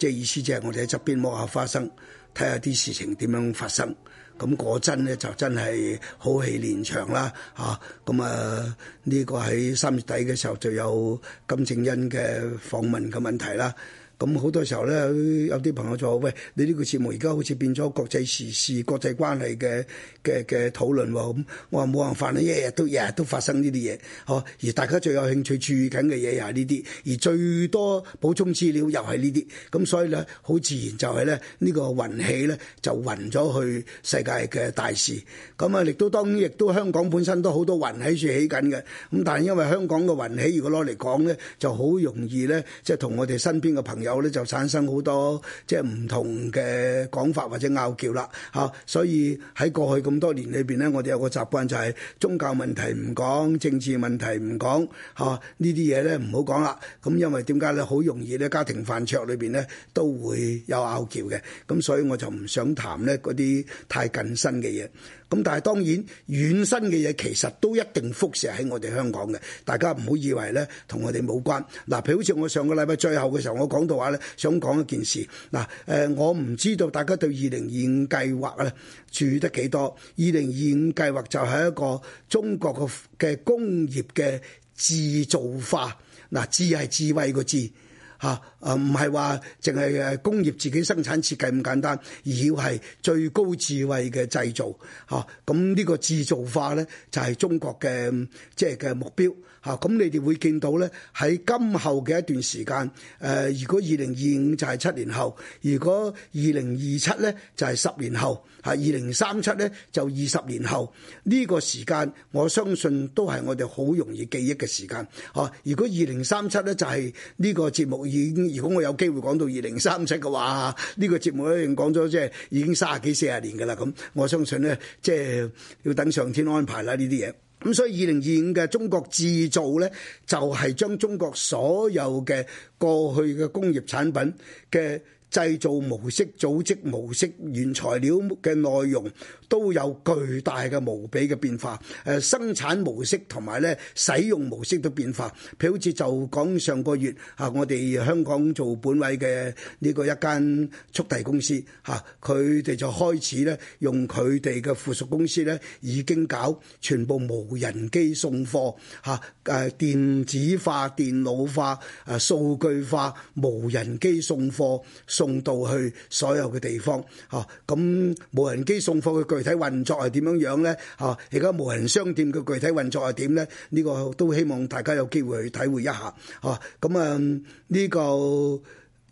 即係意思即係，我哋喺側邊摸下花生，睇下啲事情點樣發生。咁果真咧，就真係好戲連場啦！嚇，咁啊，呢個喺三月底嘅時候就有金正恩嘅訪問嘅問題啦。咁好多時候咧，有啲朋友就話：喂，你呢個節目而家好似變咗國際時事、國際關係嘅嘅嘅討論，喎。咁我話冇辦法啦，一日都日日都發生呢啲嘢，嗬。而大家最有興趣注意緊嘅嘢又係呢啲，而最多補充資料又係呢啲。咁所以咧，好自然就係咧，這個、呢個運氣咧就運咗去世界嘅大事。咁啊，亦都當然亦都香港本身都好多雲喺處起緊嘅。咁但係因為香港嘅雲起，如果攞嚟講咧，就好容易咧，即係同我哋身邊嘅朋友。有咧就產生好多即係唔同嘅講法或者拗撬啦，嚇，所以喺過去咁多年裏邊咧，我哋有個習慣就係宗教問題唔講，政治問題唔講，嚇呢啲嘢咧唔好講啦。咁因為點解咧，好容易咧家庭飯桌裏邊咧都會有拗撬嘅，咁所以我就唔想談咧嗰啲太近身嘅嘢。咁但係當然遠身嘅嘢其實都一定輻射喺我哋香港嘅，大家唔好以為呢同我哋冇關。嗱，譬如好似我上個禮拜最後嘅時候，我講到話呢想講一件事。嗱，誒，我唔知道大家對二零二五計劃呢注意得幾多？二零二五計劃就係一個中國嘅嘅工業嘅智造化。嗱、呃，智係智慧個智。吓，誒唔係話淨係誒工業自己生產設計咁簡單，而要係最高智慧嘅製造吓，咁、啊、呢個製造化咧，就係、是、中國嘅即係嘅目標。嚇！咁、嗯、你哋會見到呢，喺今後嘅一段時間，誒、呃，如果二零二五就係七年後，如果二零二七呢就係十年後，嚇，二零三七呢就二十年後，呢、這個時間我相信都係我哋好容易記憶嘅時間。嚇、嗯！如果二零三七呢就係呢個節目已經，如果我有機會講到二零三七嘅話，呢、這個節目一定講咗即係已經三十幾四十年㗎啦。咁我相信呢，即、就、係、是、要等上天安排啦呢啲嘢。咁所以二零二五嘅中國製造咧，就係將中國所有嘅過去嘅工業產品嘅。製造模式、組織模式、原材料嘅內容都有巨大嘅無比嘅變化。誒生產模式同埋咧使用模式都變化。譬如好似就講上個月啊，我哋香港做本位嘅呢個一間速遞公司嚇，佢哋就開始咧用佢哋嘅附屬公司咧已經搞全部無人機送貨嚇，誒電子化、電腦化、誒數據化，無人機送貨。送到去所有嘅地方，吓、啊，咁，無人機送貨嘅具體運作係點樣樣咧？吓、啊，而家無人商店嘅具體運作係點咧？呢、這個都希望大家有機會去體會一下，吓。咁啊！呢、嗯這個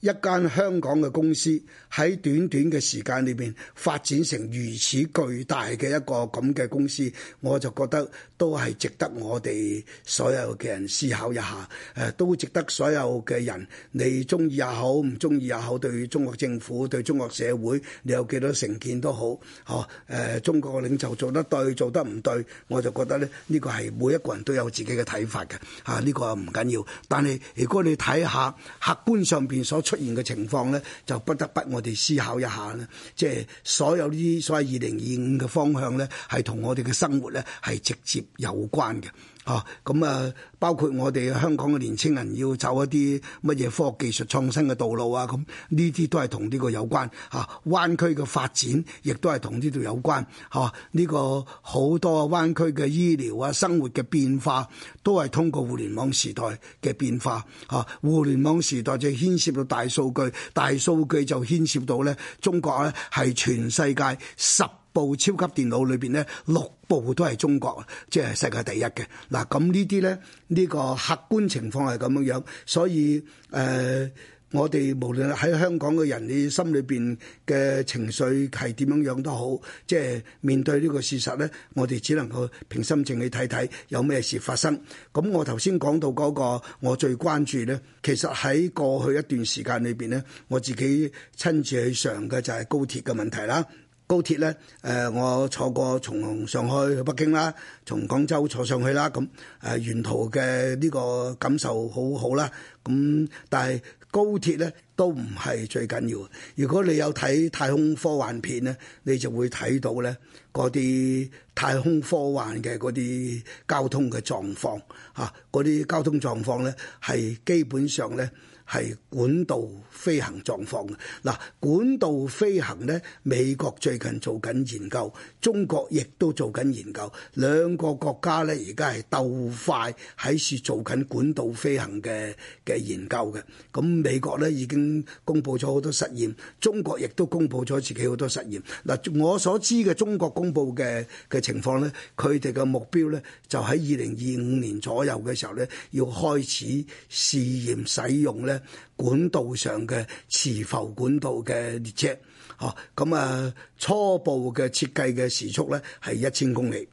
一間香港嘅公司喺短短嘅時間裏邊發展成如此巨大嘅一個咁嘅公司，我就覺得。都係值得我哋所有嘅人思考一下，誒都值得所有嘅人，你中意也好，唔中意也好，對中國政府、對中國社會，你有幾多成見都好，嗬、哦、誒、呃、中國嘅領袖做得對，做得唔對，我就覺得咧，呢、這個係每一個人都有自己嘅睇法嘅，嚇、啊、呢、這個唔緊要。但係如果你睇下客觀上邊所出現嘅情況咧，就不得不我哋思考一下咧，即係所有呢啲所謂二零二五嘅方向咧，係同我哋嘅生活咧係直接。有關嘅，啊，咁啊，包括我哋香港嘅年青人要走一啲乜嘢科學技術創新嘅道路啊，咁呢啲都係同呢個有關嚇、啊。灣區嘅發展亦都係同呢度有關，嚇、啊、呢、這個好多灣區嘅醫療啊、生活嘅變化都係通過互聯網時代嘅變化嚇、啊。互聯網時代就牽涉到大數據，大數據就牽涉到咧，中國咧係全世界十部超級電腦裏邊呢，六部都係中國，即係世界第一嘅。嗱，咁呢啲呢，呢個客觀情況係咁樣樣，所以誒，我哋無論喺香港嘅人，你心裏邊嘅情緒係點樣樣都好，即係面對呢個事實呢，我哋只能夠平心靜氣睇睇有咩事發生。咁我頭先講到嗰個，我最關注呢，其實喺過去一段時間裏邊呢，我自己親自去上嘅就係高鐵嘅問題啦。高鐵咧，誒，我坐過從上海去北京啦，從廣州坐上去啦，咁誒、呃，沿途嘅呢個感受好好啦。咁但係高鐵咧都唔係最緊要。如果你有睇太空科幻片咧，你就會睇到咧嗰啲太空科幻嘅嗰啲交通嘅狀況，嚇嗰啲交通狀況咧係基本上咧。係管道飛行狀況，嗱，管道飛行咧，美國最近做緊研究，中國亦都做緊研究，兩個國家咧而家係鬥快喺處做緊管道飛行嘅嘅研究嘅。咁、嗯、美國咧已經公布咗好多實驗，中國亦都公布咗自己好多實驗，嗱、嗯，我所知嘅中國公布嘅嘅情況咧，佢哋嘅目標咧就喺二零二五年左右嘅時候咧，要開始試驗使用咧。管道上嘅磁浮管道嘅列車，哦，咁啊，初步嘅設計嘅時速咧係一千公里。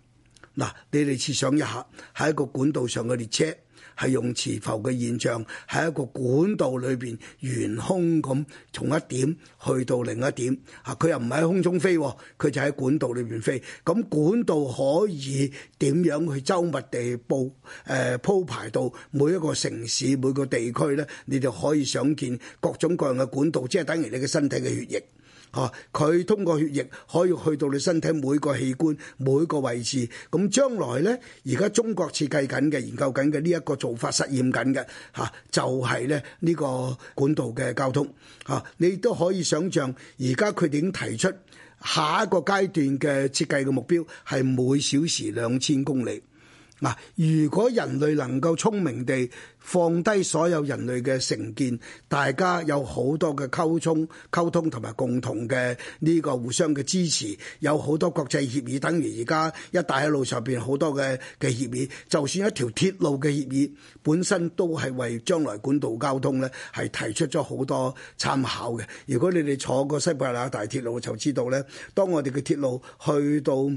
嗱，你哋設想一下，喺一個管道上嘅列車。係用磁浮嘅現象，喺一個管道裏邊懸空咁從一點去到另一點，啊，佢又唔係喺空中飛、哦，佢就喺管道裏邊飛。咁、啊、管道可以點樣去周密地鋪誒、呃、鋪排到每一個城市、每個地區咧？你就可以想見各種各樣嘅管道，即係等於你嘅身體嘅血液。啊！佢通過血液可以去到你身體每個器官，每個位置，咁將來呢，而家中國設計緊嘅、研究緊嘅呢一個做法、實驗緊嘅，嚇就係呢，呢個管道嘅交通啊！你都可以想像，而家佢已經提出下一個階段嘅設計嘅目標係每小時兩千公里。嗱，如果人類能夠聰明地放低所有人類嘅成見，大家有好多嘅溝通、溝通同埋共同嘅呢個互相嘅支持，有好多國際協議，等於而家一帶一路上邊好多嘅嘅協議，就算一條鐵路嘅協議，本身都係為將來管道交通呢，係提出咗好多參考嘅。如果你哋坐過西伯利亞大鐵路就知道呢，當我哋嘅鐵路去到，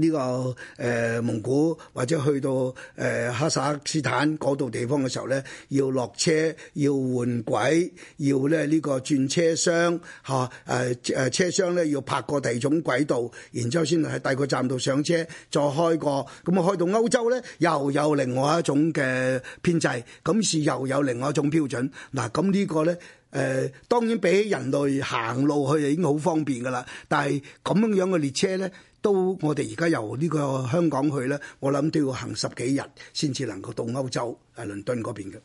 呢、這個誒、呃、蒙古或者去到誒、呃、哈薩克斯坦嗰度地方嘅時候咧，要落車、要換軌、要咧、這個啊、呢個轉車廂嚇誒誒車廂咧要拍過第二種軌道，然之後先喺第二個站度上車再開個咁啊開到歐洲咧又有另外一種嘅編制，咁是又有另外一種標準嗱。咁、啊、呢個咧誒當然比起人類行路去已經好方便噶啦，但係咁樣樣嘅列車咧。都我哋而家由呢個香港去咧，我諗都要行十幾日，先至能夠到歐洲喺倫敦嗰邊嘅。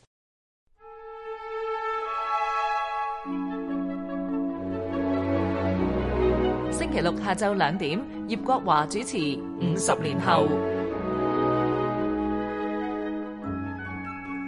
星期六下晝兩點，葉國華主持《五十年後》。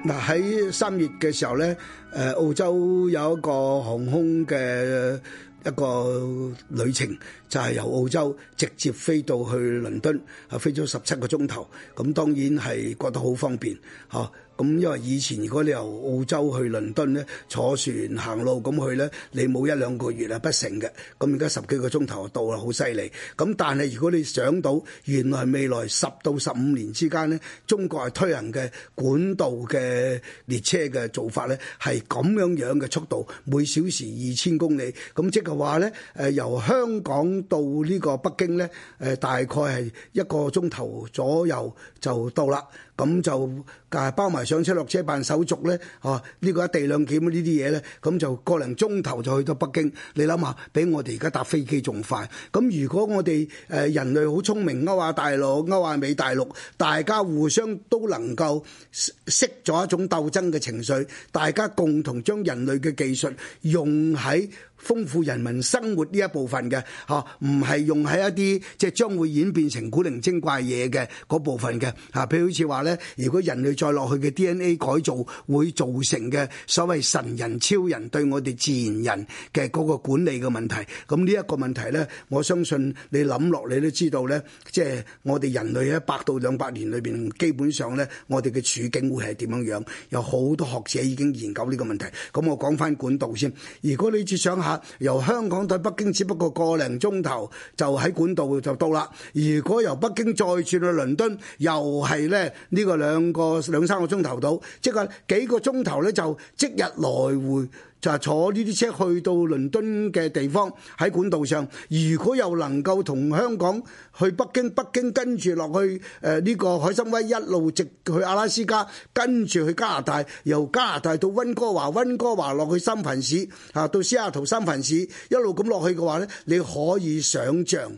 嗱喺三月嘅時候咧，誒澳洲有一個航空嘅。一個旅程就係、是、由澳洲直接飛到去倫敦，啊飛咗十七個鐘頭，咁當然係覺得好方便，吓。咁因為以前如果你由澳洲去倫敦咧，坐船行路咁去咧，你冇一兩個月啊不成嘅。咁而家十幾個鐘頭就到啦，好犀利。咁但係如果你想到原來未來十到十五年之間咧，中國係推行嘅管道嘅列車嘅做法咧，係咁樣樣嘅速度，每小時二千公里。咁即係話咧，誒、呃，由香港到呢個北京咧，誒、呃，大概係一個鐘頭左右就到啦。咁就誒包埋上車落車辦手續咧，哦，呢個一地兩檢呢啲嘢咧，咁就個零鐘頭就去到北京。你諗下，比我哋而家搭飛機仲快。咁如果我哋誒人類好聰明，歐亞大陸、歐亞美大陸，大家互相都能夠熄咗一種鬥爭嘅情緒，大家共同將人類嘅技術用喺，豐富人民生活呢一部分嘅，吓唔係用喺一啲即係將會演變成古靈精怪嘢嘅部分嘅，吓，譬如好似話咧，如果人類再落去嘅 DNA 改造會造成嘅所謂神人超人對我哋自然人嘅個管理嘅問題，咁呢一個問題咧，我相信你諗落你都知道咧，即係我哋人類喺一百到兩百年裏邊，基本上咧，我哋嘅處境會係點樣樣？有好多學者已經研究呢個問題，咁我講翻管道先，如果你只想下。由香港到北京只不過個零鐘頭就喺管道就到啦。如果由北京再轉去倫敦，又係呢呢個兩個兩三個鐘頭到，即係幾個鐘頭呢就即日來回。就坐呢啲車去到倫敦嘅地方喺管道上，如果又能夠同香港去北京，北京跟住落去誒呢、呃呢個海參崴，一路直去阿拉斯加，跟住去加拿大，由加拿大到溫哥華，溫哥華落去三藩市啊，到西雅圖三藩市一路咁落去嘅話咧，你可以想象。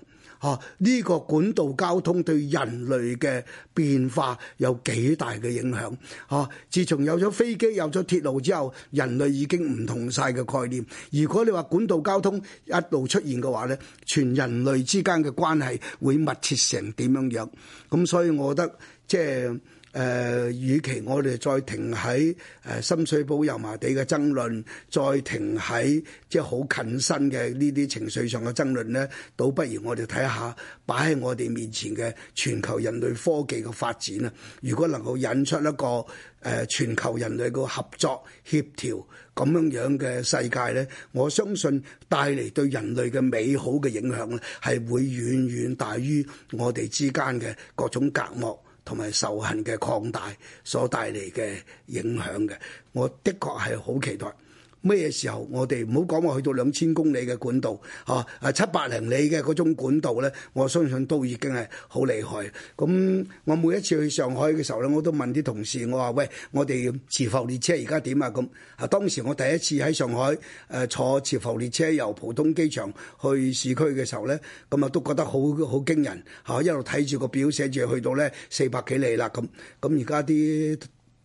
呢、哦這個管道交通對人類嘅變化有幾大嘅影響？嚇、哦！自從有咗飛機、有咗鐵路之後，人類已經唔同晒嘅概念。如果你話管道交通一度出現嘅話，呢全人類之間嘅關係會密切成點樣樣？咁所以，我覺得即係。誒、呃，與其我哋再停喺誒深水埗油麻地嘅爭論，再停喺即係好近身嘅呢啲情緒上嘅爭論呢，倒不如我哋睇下擺喺我哋面前嘅全球人類科技嘅發展啊！如果能夠引出一個誒、呃、全球人類嘅合作協調咁樣樣嘅世界呢，我相信帶嚟對人類嘅美好嘅影響呢，係會遠遠大於我哋之間嘅各種隔膜。同埋仇恨嘅擴大所帶嚟嘅影響嘅，我的確，係好期待。咩時候我哋唔好講話去到兩千公里嘅管道，嚇啊七百零里嘅嗰種管道咧，我相信都已經係好厲害。咁我每一次去上海嘅時候咧，我都問啲同事，我話喂，我哋磁浮列車而家點啊？咁啊當時我第一次喺上海誒、啊、坐磁浮列車由浦東機場去市區嘅時候咧，咁啊都覺得好好驚人嚇、啊，一路睇住個表寫住去到咧四百幾里啦咁，咁而家啲。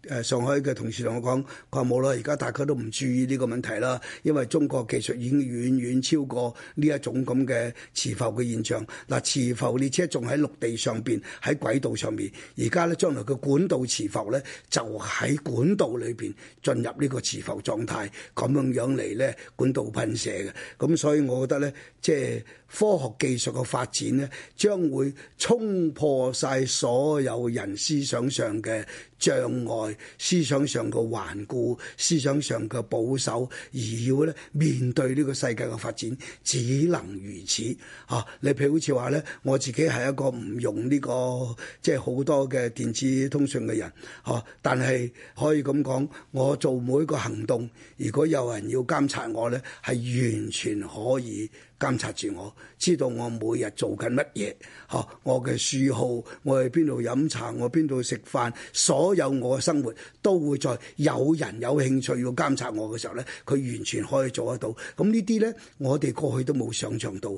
誒上海嘅同事同我講，佢話冇啦，而家大家都唔注意呢個問題啦，因為中國技術已經遠遠超過呢一種咁嘅磁浮嘅現象。嗱、呃，磁浮列車仲喺陸地上邊，喺軌道上邊。而家咧，將來嘅管道磁浮咧，就喺管道裏邊進入呢個磁浮狀態，咁樣樣嚟咧，管道噴射嘅。咁所以我覺得咧，即係科學技術嘅發展咧，將會沖破晒所有人思想上嘅障礙。思想上嘅頑固，思想上嘅保守，而要咧面對呢個世界嘅發展，只能如此。吓、啊，你譬如好似話咧，我自己係一個唔用呢、這個即係好多嘅電子通訊嘅人，吓、啊，但係可以咁講，我做每一個行動，如果有人要監察我咧，係完全可以。監察住我，知道我每日做緊乜嘢，呵，我嘅嗜好，我去邊度飲茶，我邊度食飯，所有我嘅生活都會在有人有興趣要監察我嘅時候咧，佢完全可以做得到。咁呢啲咧，我哋過去都冇想像到。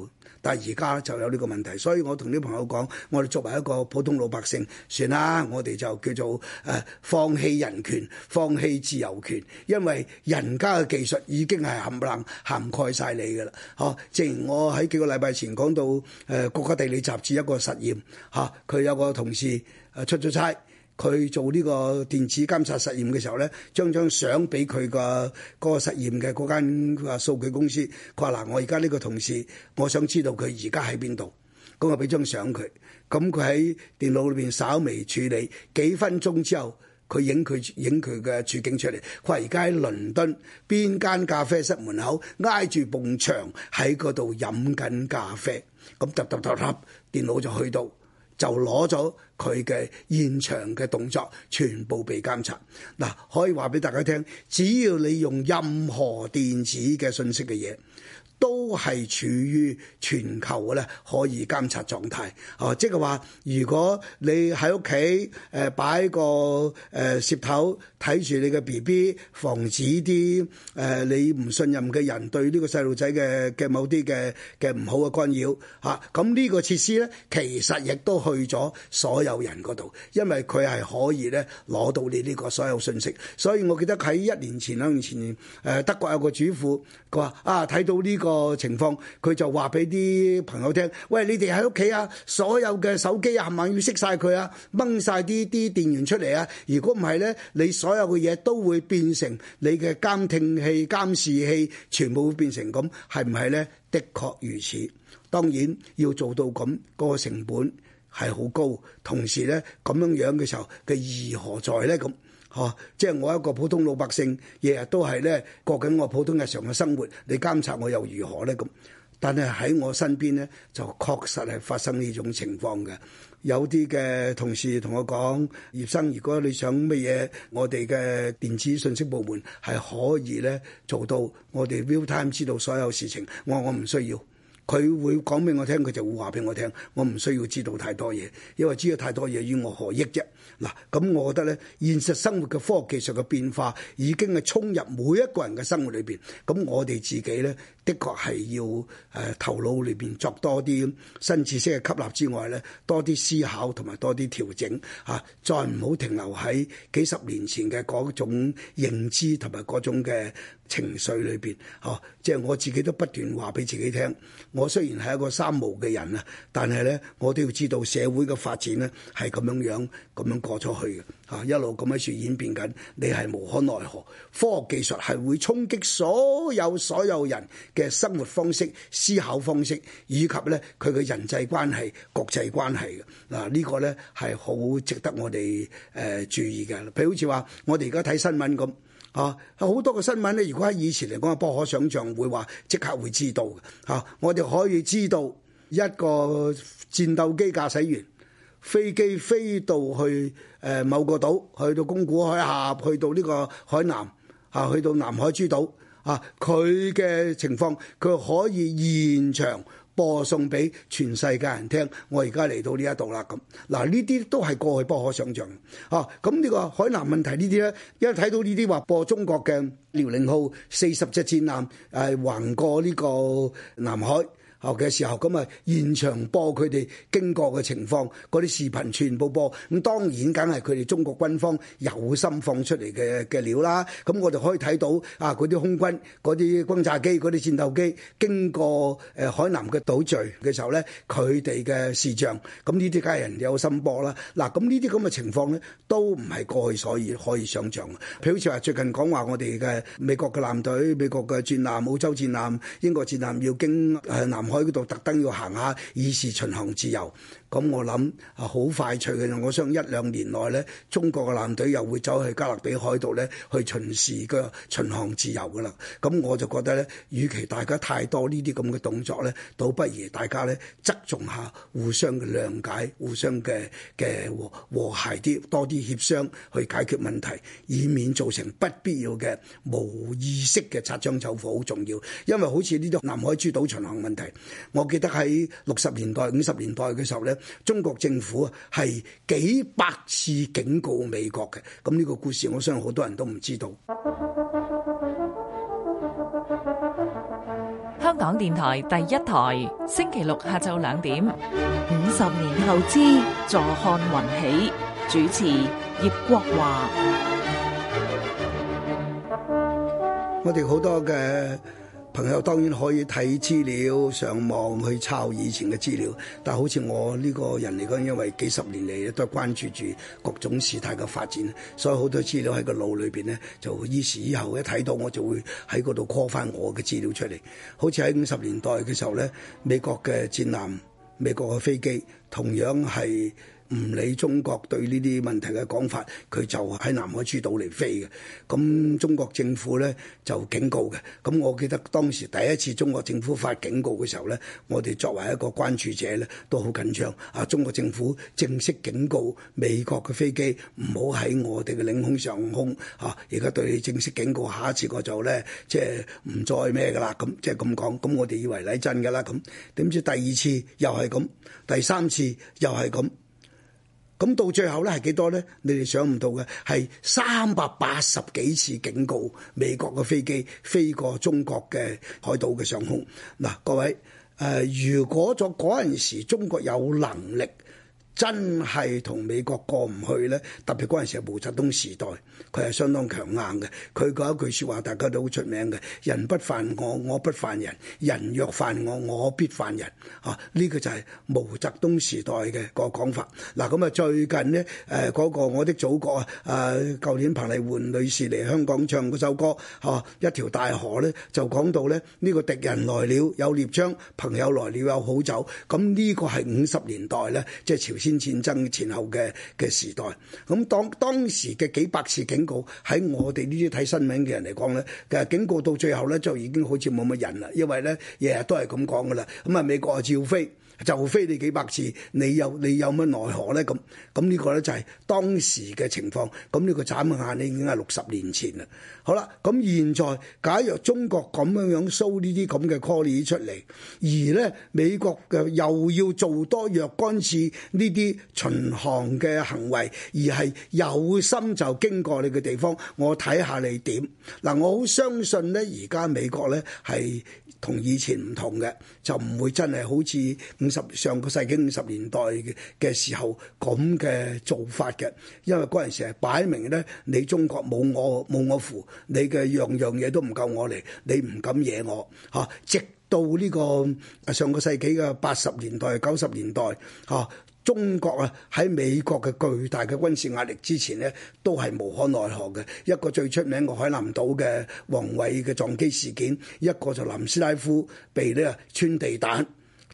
但係而家就有呢個問題，所以我同啲朋友講，我哋作為一個普通老百姓，算啦，我哋就叫做誒放棄人權、放棄自由權，因為人家嘅技術已經係冚唪唥涵蓋晒你㗎喇。嗬，正如我喺幾個禮拜前講到，誒《國家地理雜誌》一個實驗，嚇佢有個同事誒出咗差。佢做呢個電子監察實驗嘅時候咧，將張相俾佢個嗰個實驗嘅嗰間話數據公司，佢話嗱，我而家呢個同事，我想知道佢而家喺邊度，咁我俾張相佢，咁佢喺電腦裏邊稍微處理幾分鐘之後，佢影佢影佢嘅處境出嚟，佢話而家喺倫敦邊間咖啡室門口挨住埲牆喺嗰度飲緊咖啡，咁嗒嗒嗒，嗒，電腦就去到。就攞咗佢嘅現場嘅動作，全部被監察。嗱、啊，可以話俾大家聽，只要你用任何電子嘅信息嘅嘢。都係處於全球嘅咧，可以監察狀態哦，即係話如果你喺屋企誒擺個誒攝頭睇住你嘅 B B，防止啲誒你唔信任嘅人對呢個細路仔嘅嘅某啲嘅嘅唔好嘅干擾吓，咁呢個設施咧，其實亦都去咗所有人度，因為佢係可以咧攞到你呢個所有信息。所以我記得喺一年前兩年前，誒德國有個主婦佢話啊，睇到呢個個情況，佢就話俾啲朋友聽，「喂，你哋喺屋企啊，所有嘅手機啊，係咪要熄晒佢啊，掹晒啲啲電源出嚟啊！如果唔係呢，你所有嘅嘢都會變成你嘅監聽器、監視器，全部會變成咁，係唔係呢？的確如此。當然要做到咁，嗰個成本係好高，同時呢，咁樣樣嘅時候嘅意義何在呢？」咁。哦、啊，即係我一個普通老百姓，日日都係咧過緊我普通日常嘅生活，你監察我又如何咧咁？但係喺我身邊咧，就確實係發生呢種情況嘅。有啲嘅同事同我講，葉生，如果你想乜嘢，我哋嘅電子信息部門係可以咧做到，我哋 real time 知道所有事情。我我唔需要。佢會講俾我聽，佢就會話俾我聽。我唔需要知道太多嘢，因為知道太多嘢於我何益啫。嗱，咁我覺得咧，現實生活嘅科學技術嘅變化已經係衝入每一個人嘅生活裏邊。咁我哋自己咧，的確係要誒、呃、頭腦裏邊作多啲新知識嘅吸納之外咧，多啲思考同埋多啲調整嚇、啊，再唔好停留喺幾十年前嘅嗰種認知同埋嗰種嘅情緒裏邊，哦，即係我自己都不斷話俾自己聽。我雖然係一個三毛嘅人啊，但係咧，我都要知道社會嘅發展咧係咁樣樣，咁樣過咗去嘅，啊，一路咁喺處演變緊。你係無可奈何。科學技術係會衝擊所有所有人嘅生活方式、思考方式，以及咧佢嘅人際關係、國際關係嘅。嗱，呢個咧係好值得我哋誒注意嘅。譬如好似話，我哋而家睇新聞咁。啊，好多個新聞咧，如果喺以前嚟講，不可想象會話即刻會知道嘅。嚇、啊，我哋可以知道一個戰鬥機駕駛員飛機飛到去誒某個島，去到宮古海峽，去到呢個海南嚇、啊，去到南海諸島啊，佢嘅情況佢可以現場。播送俾全世界人聽，我而家嚟到呢一度啦，咁，嗱，呢啲都係過去不可想像嘅。咁呢個海南問題呢啲咧，一為睇到呢啲話播中國嘅遼寧號四十隻戰艦誒、啊、橫過呢個南海。學嘅時候，咁啊現場播佢哋經過嘅情況，嗰啲視頻全部播。咁當然梗係佢哋中國軍方有心放出嚟嘅嘅料啦。咁我哋可以睇到啊，嗰啲空軍、嗰啲轟炸機、嗰啲戰鬥機經過誒海南嘅島嶼嘅時候咧，佢哋嘅視像。咁呢啲梗係人有心播啦。嗱，咁呢啲咁嘅情況咧，都唔係過去所以可以想像嘅。譬如好似話最近講話我哋嘅美國嘅艦隊、美國嘅戰艦、澳洲戰艦、英國戰艦要經誒南。喺嗰度特登要行下，以示巡航自由。咁我諗啊，好快脆嘅，我想一兩年內咧，中國嘅艦隊又會走去加勒比海度咧，去巡視個巡航自由㗎啦。咁我就覺得咧，與其大家太多呢啲咁嘅動作咧，倒不如大家咧側重下互相嘅諒解，互相嘅嘅和和諧啲，多啲協商去解決問題，以免造成不必要嘅無意識嘅擦槍走火，好重要。因為好似呢啲南海諸島巡航問題，我記得喺六十年代、五十年代嘅時候咧。中國政府啊，係幾百次警告美國嘅。咁、這、呢個故事，我相信好多人都唔知道。香港電台第一台，星期六下晝兩點。五十年後之坐看雲起。主持葉國華。我哋好多嘅。朋友當然可以睇資料、上網去抄以前嘅資料，但好似我呢個人嚟講，因為幾十年嚟都係關注住各種事態嘅發展，所以好多資料喺個腦裏邊呢，就於是以後一睇到我就會喺嗰度 call 翻我嘅資料出嚟。好似喺五十年代嘅時候呢，美國嘅戰艦、美國嘅飛機，同樣係。唔理中國對呢啲問題嘅講法，佢就喺南海諸島嚟飛嘅。咁中國政府咧就警告嘅。咁我記得當時第一次中國政府發警告嘅時候咧，我哋作為一個關注者咧都好緊張。啊，中國政府正式警告美國嘅飛機唔好喺我哋嘅領空上空啊！而家對你正式警告，下一次我就咧即係唔再咩㗎啦。咁即係咁講，咁、就是、我哋以為你係真㗎啦。咁點知第二次又係咁，第三次又係咁。咁到最後咧係幾多呢？你哋想唔到嘅，係三百八十幾次警告，美國嘅飛機飛過中國嘅海島嘅上空。嗱，各位誒，呃，如果咗嗰陣時中國有能力。真係同美國過唔去咧，特別陣時係毛澤東時代，佢係相當強硬嘅。佢嗰一句說話大家都好出名嘅：人不犯我，我不犯人；人若犯我，我必犯人。啊，呢、這個就係毛澤東時代嘅個講法。嗱、啊，咁、嗯、啊最近咧，誒、呃那個我的祖國啊，誒舊年彭麗媛女士嚟香港唱嗰首歌，吓、啊、一條大河咧，就講到咧呢、這個敵人來了有獵槍，朋友來了，來了有好酒。咁、嗯、呢、這個係五十年代咧，即係朝。先戰爭前後嘅嘅時代，咁當當時嘅幾百次警告喺我哋呢啲睇新聞嘅人嚟講咧，其實警告到最後咧就已經好似冇乜人啦，因為咧日日都係咁講噶啦，咁啊美國啊趙飛。就飛你幾百次，你有你有乜奈何咧？咁咁呢個咧就係當時嘅情況。咁呢個斬下你已經係六十年前啦。好啦，咁現在假若中國咁樣 show 咁樣樣收呢啲咁嘅 call 出嚟，而咧美國嘅又要做多若干次呢啲巡航嘅行為，而係有心就經過你嘅地方，我睇下你點。嗱、呃，我好相信咧，而家美國咧係同以前唔同嘅，就唔會真係好似。五十上個世紀五十年代嘅時候咁嘅做法嘅，因為嗰陣時係擺明咧，你中國冇我冇我富，你嘅樣樣嘢都唔夠我嚟，你唔敢惹我吓、啊。直到呢、這個上個世紀嘅八十年代九十年代吓、啊，中國啊喺美國嘅巨大嘅軍事壓力之前咧，都係無可奈何嘅。一個最出名嘅海南島嘅王偉嘅撞機事件，一個就林斯拉夫被咧穿地彈。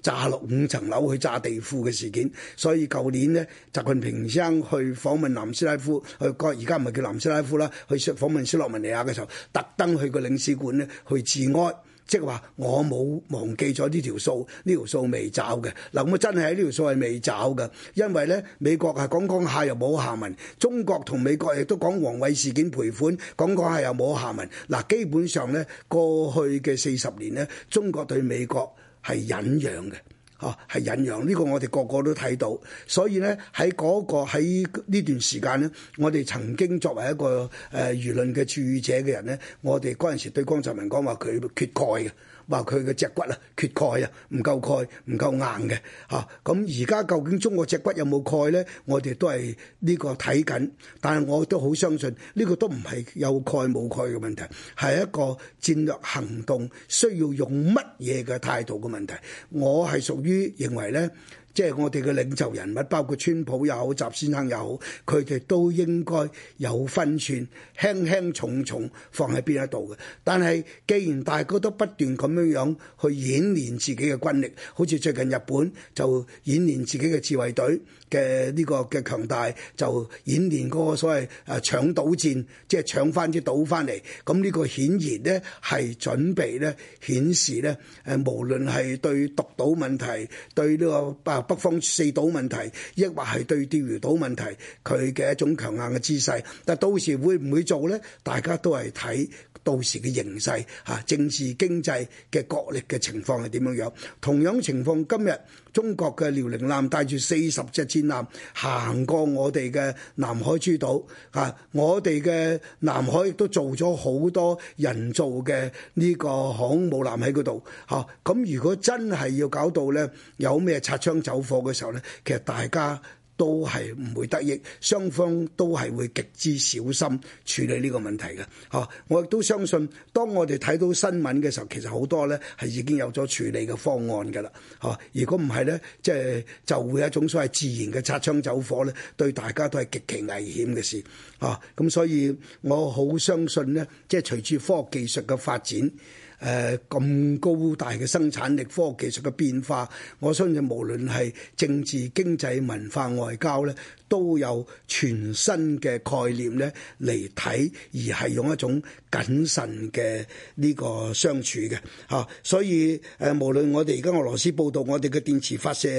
炸落五層樓去炸地庫嘅事件，所以舊年呢，習近平先去訪問南斯拉夫，去而家唔係叫南斯拉夫啦，去訪問斯洛文尼亞嘅時候，特登去個領事館呢去致哀。即係話我冇忘記咗呢條數，呢條數未找嘅。嗱，咁啊真係喺呢條數係未找嘅，因為呢美國係講講下又冇下文，中國同美國亦都講王偉事件賠款，講講下又冇下文。嗱，基本上呢，過去嘅四十年呢，中國對美國係忍讓嘅，嚇係忍讓。呢個我哋個個都睇到，所以咧，喺嗰個喺呢段時間咧，我哋曾經作為一個誒輿論嘅注意者嘅人咧，我哋嗰陣時對江澤民講話佢缺鈣嘅。話佢嘅脊骨啊，缺鈣啊，唔夠鈣，唔夠硬嘅嚇。咁而家究竟中國脊骨有冇鈣咧？我哋都係呢個睇緊，但係我都好相信呢個都唔係有鈣冇鈣嘅問題，係一個戰略行動需要用乜嘢嘅態度嘅問題。我係屬於認為咧。即係我哋嘅領袖人物，包括川普又好、習先生又好，佢哋都應該有分寸，輕輕重重放喺邊一度嘅。但係既然大家都不斷咁樣樣去演練自己嘅軍力，好似最近日本就演練自己嘅自衛隊。嘅呢個嘅強大，就演練嗰個所謂誒搶島戰，即係搶翻啲島翻嚟。咁呢個顯然呢係準備呢顯示呢誒，無論係對獨島問題、對呢個啊北方四島問題，抑或係對釣魚島問題，佢嘅一種強硬嘅姿勢。但到時會唔會做呢？大家都係睇。到時嘅形勢嚇、啊，政治經濟嘅國力嘅情況係點樣樣？同樣情況，今日中國嘅遼寧艦帶住四十隻戰艦行過我哋嘅南海諸島嚇、啊，我哋嘅南海亦都做咗好多人造嘅呢個航母艦喺嗰度嚇。咁、啊啊、如果真係要搞到咧，有咩擦槍走火嘅時候咧，其實大家。都係唔會得益，雙方都係會極之小心處理呢個問題嘅。嚇，我亦都相信，當我哋睇到新聞嘅時候，其實好多呢係已經有咗處理嘅方案嘅啦。嚇，如果唔係呢，即係就會有一種所謂自然嘅擦槍走火呢，對大家都係極其危險嘅事。嚇、啊，咁所以我好相信呢，即係隨住科技技術嘅發展。誒咁高大嘅生產力、科技術嘅變化，我相信無論係政治、經濟、文化、外交咧，都有全新嘅概念咧嚟睇，而係用一種謹慎嘅呢個相處嘅嚇。所以誒，無論我哋而家俄羅斯報道，我哋嘅電磁發射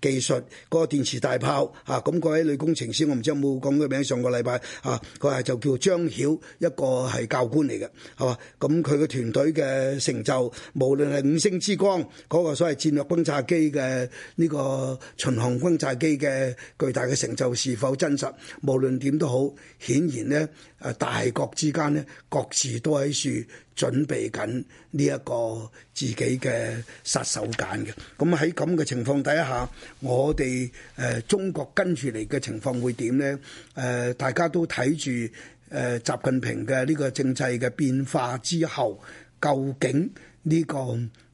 技術、嗰、那個電磁大炮嚇，咁、啊、嗰位女工程師，我唔知有冇講佢名，上個禮拜嚇，佢、啊、係就叫張曉，一個係教官嚟嘅，係嘛？咁佢嘅團隊嘅。嘅成就，無論係五星之光嗰個所謂戰略轟炸機嘅呢個巡航轟炸機嘅巨大嘅成就是否真實，無論點都好，顯然咧，誒大國之間咧，各自都喺度準備緊呢一個自己嘅殺手鐧嘅。咁喺咁嘅情況底下，我哋誒中國跟住嚟嘅情況會點咧？誒，大家都睇住誒習近平嘅呢個政制嘅變化之後。究竟呢個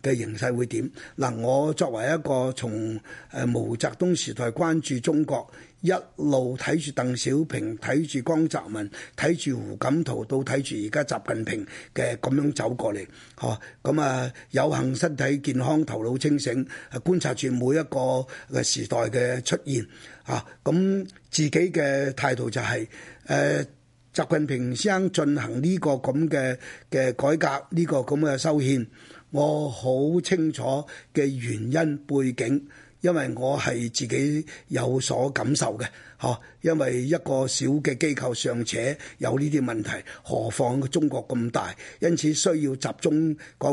嘅形勢會點？嗱、啊，我作為一個從誒毛澤東時代關注中國，一路睇住鄧小平，睇住江澤民，睇住胡錦濤，到睇住而家習近平嘅咁樣走過嚟，嗬、啊，咁啊有幸身體健康，頭腦清醒，啊、觀察住每一個嘅時代嘅出現，啊，咁、啊、自己嘅態度就係、是、誒。啊習近平想進行呢個咁嘅嘅改革，呢個咁嘅修憲，我好清楚嘅原因背景，因為我係自己有所感受嘅。吓、啊，因為一個小嘅機構尚且有呢啲問題，何況中國咁大，因此需要集中個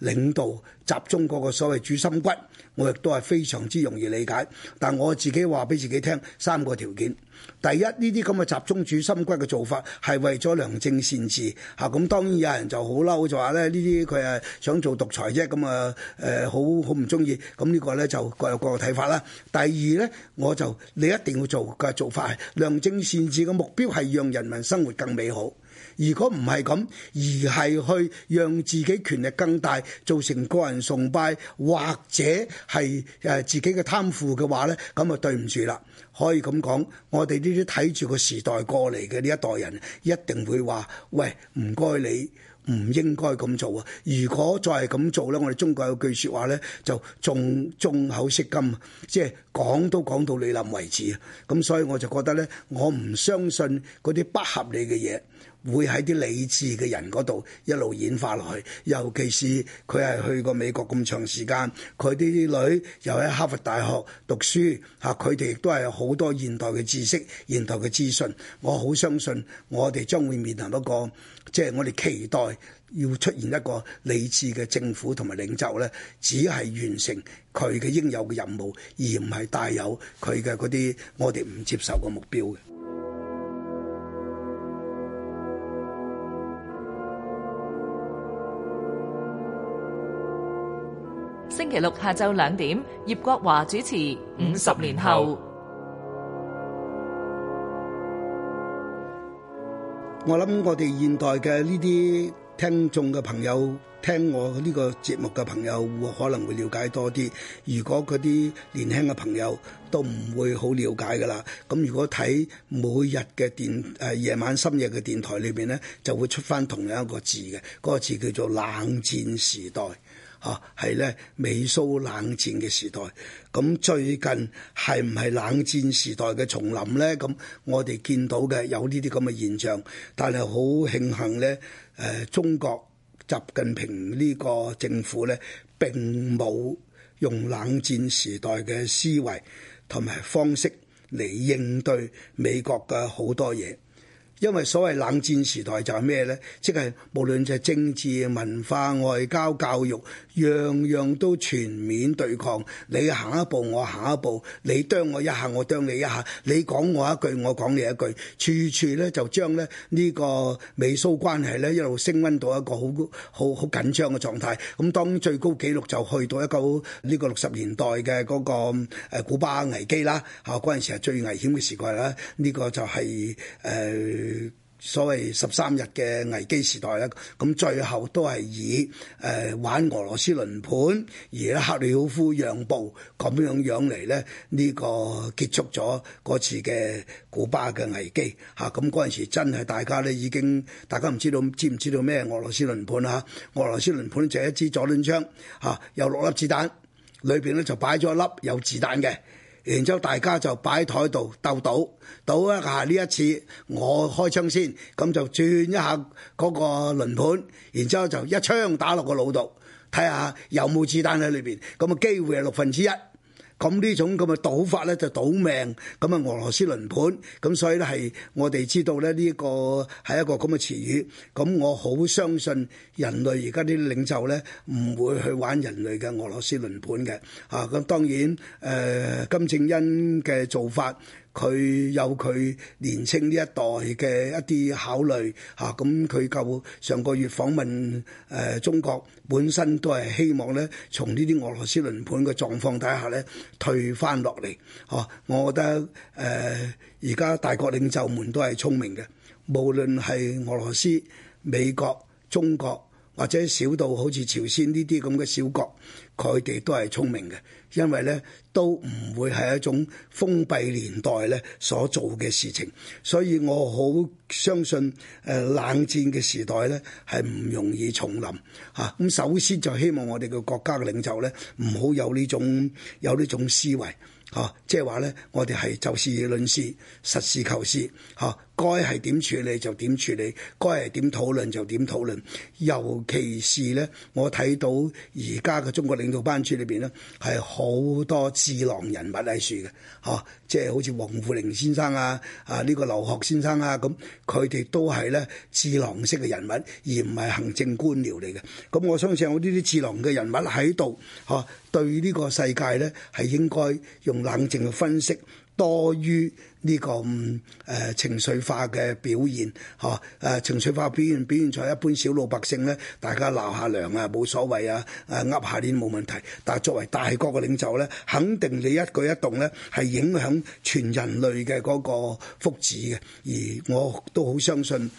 領導，集中個所謂主心骨，我亦都係非常之容易理解。但我自己話俾自己聽，三個條件：第一，呢啲咁嘅集中主心骨嘅做法係為咗良政善治吓，咁、啊、當然有人就好嬲，就話咧呢啲佢係想做獨裁啫，咁啊誒好好唔中意。咁、呃、呢個咧就各有各嘅睇法啦。第二咧，我就你一定要做。嘅做法係良政善治嘅目標，係讓人民生活更美好。如果唔係咁，而係去讓自己權力更大，造成個人崇拜，或者係誒自己嘅貪腐嘅話，咧，咁啊對唔住啦。可以咁講，我哋呢啲睇住個時代過嚟嘅呢一代人，一定會話：喂，唔該你。唔應該咁做啊！如果再係咁做咧，我哋中國有句説話咧，就眾眾口鑠金，即係講都講到你諗為止。啊。咁所以我就覺得咧，我唔相信嗰啲不合理嘅嘢。會喺啲理智嘅人嗰度一路演化落去，尤其是佢係去過美國咁長時間，佢啲女又喺哈佛大學讀書，嚇佢哋亦都係好多現代嘅知識、現代嘅資訊。我好相信我哋將會面臨一個，即係我哋期待要出現一個理智嘅政府同埋領袖呢，只係完成佢嘅應有嘅任務，而唔係帶有佢嘅嗰啲我哋唔接受嘅目標嘅。星期六下晝兩點，葉國華主持《五十年後》年後。我諗我哋現代嘅呢啲聽眾嘅朋友，聽我呢個節目嘅朋友，會可能會了解多啲。如果嗰啲年輕嘅朋友都唔會好了解噶啦。咁如果睇每日嘅電誒夜晚深夜嘅電台裏邊咧，就會出返同樣一個字嘅，嗰個字叫做冷戰時代。啊，係咧，美蘇冷戰嘅時代，咁最近係唔係冷戰時代嘅重臨呢？咁我哋見到嘅有呢啲咁嘅現象，但係好慶幸咧，誒中國習近平呢個政府咧並冇用冷戰時代嘅思維同埋方式嚟應對美國嘅好多嘢。因為所謂冷戰時代就係咩呢？即係無論就政治、文化、外交、教育，樣樣都全面對抗。你行一步，我行一步；你啄我一下，我啄你一下；你講我一句，我講你一句。處處咧就將咧呢個美蘇關係咧一路升溫到一個好好好緊張嘅狀態。咁當最高紀錄就去到一個呢個六十年代嘅嗰個誒古巴危機啦。嚇，嗰陣時係最危險嘅時季啦。呢、呢個就係、係、誒。呃所謂十三日嘅危機時代咧，咁最後都係以誒、呃、玩俄羅斯輪盤，而克里夫讓步咁樣樣嚟咧，呢、呢個結束咗嗰次嘅古巴嘅危機嚇。咁嗰陣時真係大家咧已經，大家唔知道知唔知道咩俄羅斯輪盤啊？俄羅斯輪盤就一支左輪槍嚇、啊，有六粒子彈，裏邊咧就擺咗一粒有子彈嘅。然之後大家就擺台度鬥賭，賭一下呢一次我開槍先，咁就轉一下個輪盤，然之後就一槍打落個腦度，睇下有冇子彈喺裏邊，咁啊機會係六分之一。咁呢種咁嘅賭法咧就賭命，咁啊俄羅斯輪盤，咁所以咧係我哋知道咧呢個係一個咁嘅詞語。咁我好相信人類而家啲領袖咧唔會去玩人類嘅俄羅斯輪盤嘅。啊，咁當然誒、呃、金正恩嘅做法。佢有佢年青呢一代嘅一啲考慮吓，咁佢就上個月訪問誒中國本身都係希望咧，從呢啲俄羅斯輪盤嘅狀況底下咧退翻落嚟。哦，我覺得誒而家大國領袖們都係聰明嘅，無論係俄羅斯、美國、中國。或者小到好似朝鮮呢啲咁嘅小國，佢哋都係聰明嘅，因為咧都唔會係一種封閉年代咧所做嘅事情，所以我好相信誒、呃、冷戰嘅時代咧係唔容易重臨吓，咁、啊，首先就希望我哋嘅國家嘅領袖咧唔好有呢種有呢種思維吓，即係話咧我哋係就事論事、實事求是吓。啊該係點處理就點處理，該係點討，討論就點討論。尤其是呢，我睇到而家嘅中國領導班子裏邊呢，係好多智囊人物喺樹嘅，嚇、啊，即係好似王滬寧先生啊，啊呢、這個劉鶴先生啊，咁佢哋都係呢智囊式嘅人物，而唔係行政官僚嚟嘅。咁我相信有呢啲智囊嘅人物喺度，嚇、啊，對呢個世界呢，係應該用冷靜嘅分析多於。呢、這個誒、呃、情緒化嘅表現，嚇誒、呃、情緒化表現表現在一般小老百姓呢，大家鬧下涼啊，冇所謂啊，誒、啊、噏下鏈冇問題。但係作為大國嘅領袖呢，肯定你一舉一動呢係影響全人類嘅嗰個福祉嘅。而我都好相信誒喺、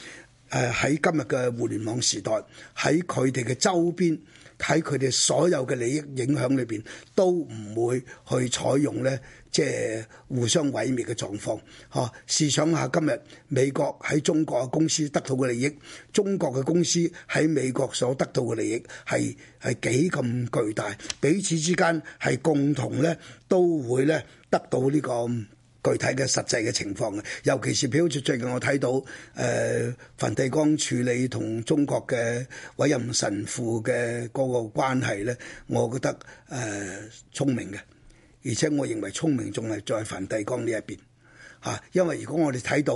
呃、今日嘅互聯網時代，喺佢哋嘅周邊。喺佢哋所有嘅利益影響裏邊，都唔會去採用呢，即係互相毀滅嘅狀況。嚇，試想下今日美國喺中國嘅公司得到嘅利益，中國嘅公司喺美國所得到嘅利益係係幾咁巨大，彼此之間係共同呢都會呢得到呢個。具體嘅實際嘅情況嘅，尤其是譬如最近我睇到誒、呃、梵蒂岡處理同中國嘅委任神父嘅嗰個關係咧，我覺得誒、呃、聰明嘅，而且我認為聰明仲係在梵蒂岡呢一邊嚇、啊，因為如果我哋睇到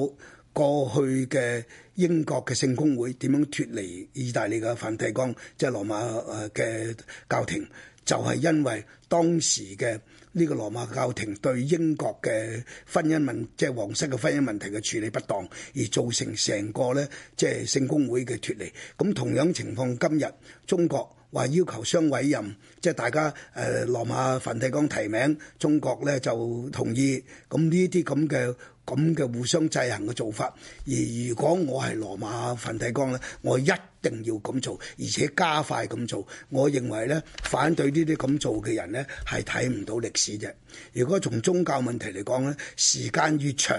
過去嘅英國嘅聖公會點樣脱離意大利嘅梵蒂岡，即係羅馬誒嘅教廷，就係、是就是、因為當時嘅。呢個羅馬教廷對英國嘅婚姻問，即係皇室嘅婚姻問題嘅處理不當，而造成成個咧即係聖公會嘅脱離。咁同樣情況今日中國。話要求雙委任，即係大家誒、呃、羅馬梵蒂岡提名中國咧就同意，咁呢啲咁嘅咁嘅互相制衡嘅做法。而如果我係羅馬梵蒂岡咧，我一定要咁做，而且加快咁做。我認為咧，反對這這呢啲咁做嘅人咧係睇唔到歷史嘅。如果從宗教問題嚟講咧，時間越長，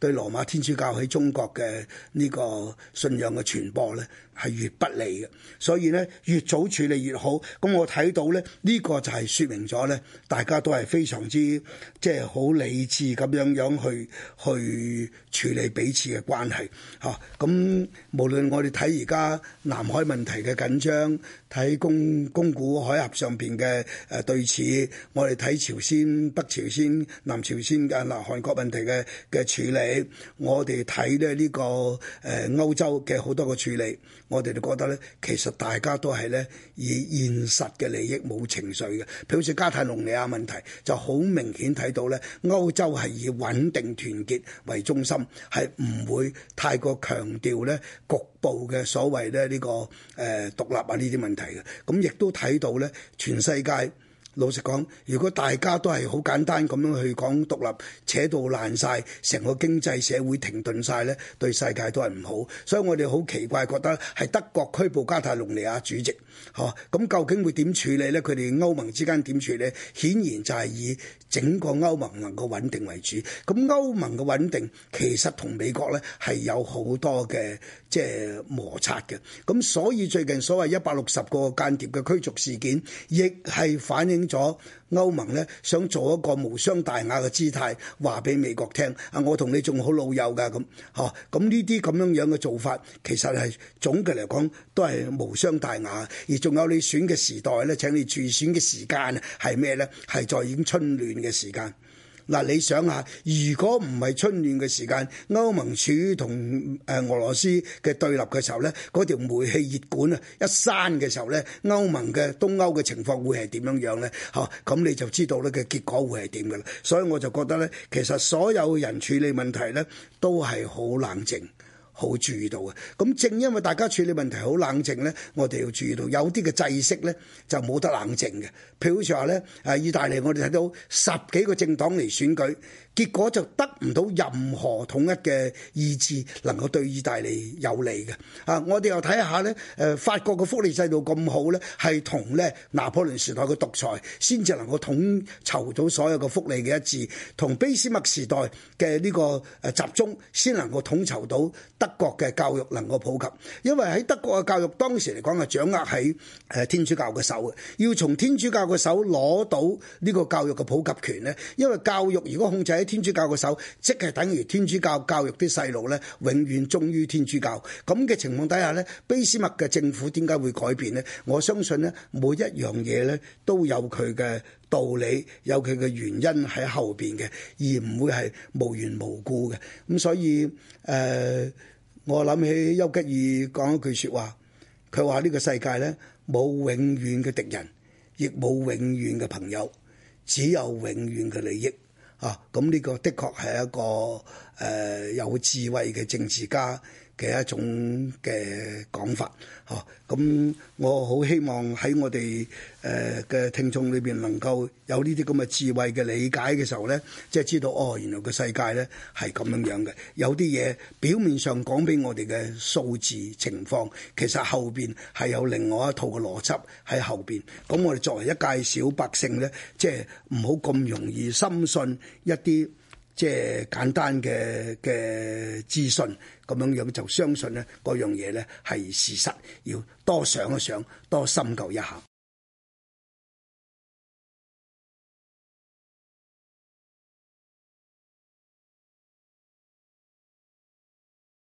對羅馬天主教喺中國嘅呢個信仰嘅傳播咧。係越不利嘅，所以咧越早處理越好。咁我睇到咧呢、這個就係說明咗咧，大家都係非常之即係好理智咁樣樣去去處理彼此嘅關係。嚇咁無論我哋睇而家南海問題嘅緊張，睇公公古海峽上邊嘅誒對峙，我哋睇朝鮮北朝鮮、南朝鮮嘅嗱韓國問題嘅嘅處理，我哋睇咧呢、這個誒、呃、歐洲嘅好多個處理。我哋就覺得呢，其實大家都係呢，以現實嘅利益冇情緒嘅，譬如好似加泰隆尼亞問題，就好明顯睇到呢，歐洲係以穩定團結為中心，係唔會太過強調呢局部嘅所謂呢呢個誒、呃、獨立啊呢啲問題嘅，咁、嗯、亦都睇到呢，全世界。老實講，如果大家都係好簡單咁樣去講獨立，扯到爛晒，成個經濟社會停頓晒，呢對世界都係唔好。所以我哋好奇怪，覺得係德國拘捕加泰隆尼亞主席，嚇、啊、咁究竟會點處理呢？佢哋歐盟之間點處理？顯然就係以整個歐盟能夠穩定為主。咁歐盟嘅穩定其實同美國呢係有好多嘅即係摩擦嘅。咁所以最近所謂一百六十個間諜嘅驅逐事件，亦係反映咗歐盟呢，想做一個無傷大雅嘅姿態，話俾美國聽，啊，我同你仲好老友噶咁，吓，咁呢啲咁樣樣嘅做法，其實係總嘅嚟講都係無傷大雅，而仲有你選嘅時代咧，請你注意選嘅時間係咩呢？係在已經春暖嘅時間。嗱，你想下，如果唔係春暖嘅時間，歐盟處同誒俄羅斯嘅對立嘅時候咧，嗰條煤氣熱管啊一閂嘅時候咧，歐盟嘅東歐嘅情況會係點樣、啊、樣咧？吓，咁你就知道呢個結果會係點嘅啦。所以我就覺得咧，其實所有人處理問題咧都係好冷靜。好注意到啊，咁正因為大家處理問題好冷靜咧，我哋要注意到有啲嘅制式咧就冇得冷靜嘅。譬如好似話咧，誒意大利我哋睇到十幾個政黨嚟選舉。結果就得唔到任何統一嘅意志，能夠對意大利有利嘅。啊，我哋又睇下咧，誒法國嘅福利制度咁好咧，係同咧拿破崙時代嘅獨裁先至能夠統籌到所有嘅福利嘅一致，同俾斯麥時代嘅呢個誒集中先能夠統籌到德國嘅教育能夠普及。因為喺德國嘅教育當時嚟講係掌握喺誒天主教嘅手嘅，要從天主教嘅手攞到呢個教育嘅普及權咧。因為教育如果控制喺天主教嘅手，即係等於天主教教育啲細路咧，永遠忠於天主教。咁嘅情況底下咧，卑斯麥嘅政府點解會改變咧？我相信咧，每一樣嘢咧都有佢嘅道理，有佢嘅原因喺後邊嘅，而唔會係無緣無故嘅。咁所以誒、呃，我諗起丘吉爾講一句說話，佢話呢個世界咧冇永遠嘅敵人，亦冇永遠嘅朋友，只有永遠嘅利益。啊，咁、這、呢個的確係一個誒、呃、有智慧嘅政治家。嘅一種嘅講法，嚇，咁我好希望喺我哋誒嘅聽眾裏邊能夠有呢啲咁嘅智慧嘅理解嘅時候咧，即係知道哦，原來個世界咧係咁樣樣嘅。有啲嘢表面上講俾我哋嘅數字情況，其實後邊係有另外一套嘅邏輯喺後邊。咁我哋作為一介小百姓咧，即係唔好咁容易深信一啲即係簡單嘅嘅資訊。咁樣樣就相信呢嗰樣嘢呢係事實，要多想一想，多深究一下。